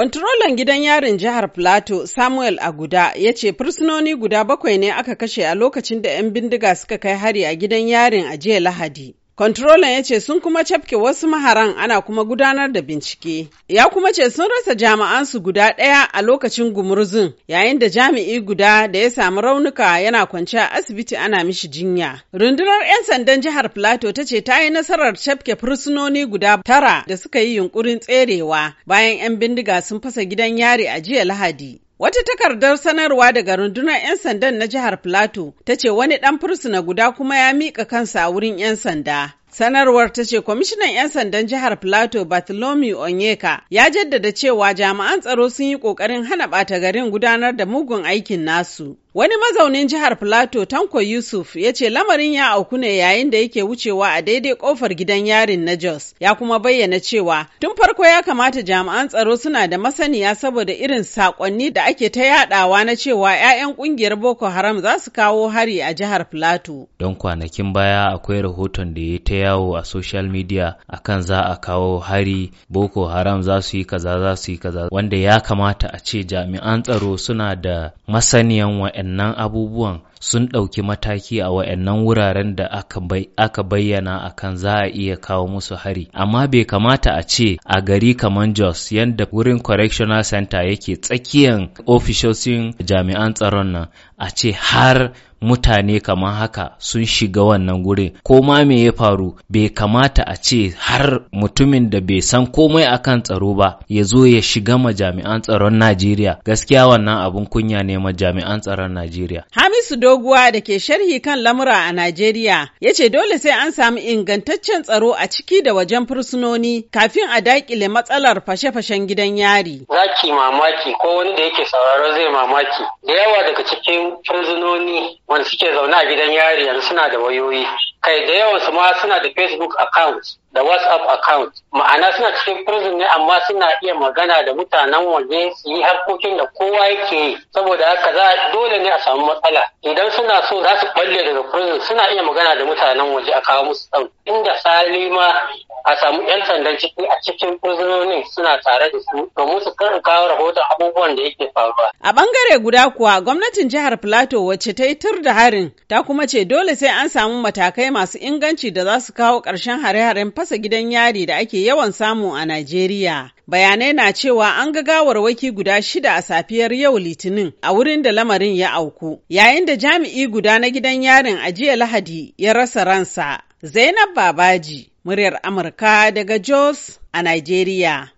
Kwantirolan gidan yarin jihar Plateau Samuel A. Guda ya ce fursunoni guda bakwai ne aka kashe a lokacin da 'yan bindiga suka kai hari a gidan yarin a jiya Lahadi. Kontrolan ya ce sun kuma cafke wasu maharan ana kuma gudanar da bincike. Ya kuma ce sun rasa jami'ansu guda ɗaya a lokacin gumurzun yayin da jami'i guda da ya samu raunuka yana kwance a asibiti ana mishi jinya. Rundunar 'yan sandan jihar Plateau ta ce ta yi nasarar cafke fursunoni guda tara da suka yi yunkurin tserewa bayan 'yan bindiga sun fasa gidan yari a jiya Lahadi. Wata takardar sanarwa daga rundunar 'yan sandan na jihar Plateau ta ce wani ɗan fursuna guda kuma ya mika kansa a wurin 'yan sanda. Sanarwar ta ce kwamishinan 'yan sandan jihar Plateau Bartholomew Onyeka ya jaddada cewa jami'an tsaro sun yi ƙoƙarin hana ɓata garin gudanar da mugun aikin nasu. Wani mazaunin jihar Plateau Tanko Yusuf ya ce lamarin ya auku ne yayin da yake wucewa a daidai kofar gidan yarin na Jos ya kuma bayyana cewa tun farko ya kamata jami'an tsaro suna da masaniya saboda irin sakonni da ake ta yadawa na cewa 'ya'yan kungiyar Boko Haram za su kawo hari a jihar Plateau. Don kwanakin baya akwai rahoton da ya ta yawo a social media akan za a kawo hari boko haram za su yi kaza za su yi kaza wanda ya kamata a ce jami'an tsaro suna da masaniyan wa'annan abubuwan sun ɗauki mataki a wa'annan wuraren da aka bayyana akan za a iya kawo musu hari amma bai kamata a ce a gari kamar jos yadda wurin correctional center yake tsakiyan ofishoshin jami'an tsaron nan a ce har mutane kamar haka sun shiga wannan gurin ko ma me ya faru bai kamata a ce har mutumin da bai san komai akan tsaro ba ya zo ya shiga majami'an tsaron Najeriya gaskiya wannan abun kunya ne majami'an tsaron Najeriya Hamisu Doguwa da ke sharhi kan lamura a Najeriya ya ce dole sai an samu ingantaccen tsaro a ciki da wajen fursunoni kafin a daƙile matsalar fashe-fashen gidan yari zaki mamaki ko wanda yake sauraro zai mamaki da yawa daga cikin fursunoni wanda suke zaune a gidan yari yanzu suna da wayoyi kai da yawan su ma suna da facebook account da whatsapp account ma'ana suna cikin prison ne amma suna iya magana da mutanen waje su yi harkokin da kowa yake yi saboda haka za dole ne a samu matsala idan suna so za su balle daga prison suna iya magana da mutanen waje a kawo musu tsaro inda salima a samu 'yan sandan ciki a cikin prisonin suna tare da su domin su kan kawo rahoton abubuwan da yake faruwa. A bangare guda kuwa gwamnatin jihar Plateau wacce ta yi tur da harin ta kuma ce dole sai an samu matakai masu inganci da za su kawo ƙarshen hare-haren fasa gidan yari da ake yawan samu a Najeriya. Bayanai na cewa an ga gawarwaki guda shida a safiyar yau Litinin a wurin da lamarin ya auku, yayin da jami'i guda na gidan yarin a jiya Lahadi ya rasa ransa. Zainab Babaji, muryar Amurka daga Jos a Nigeria.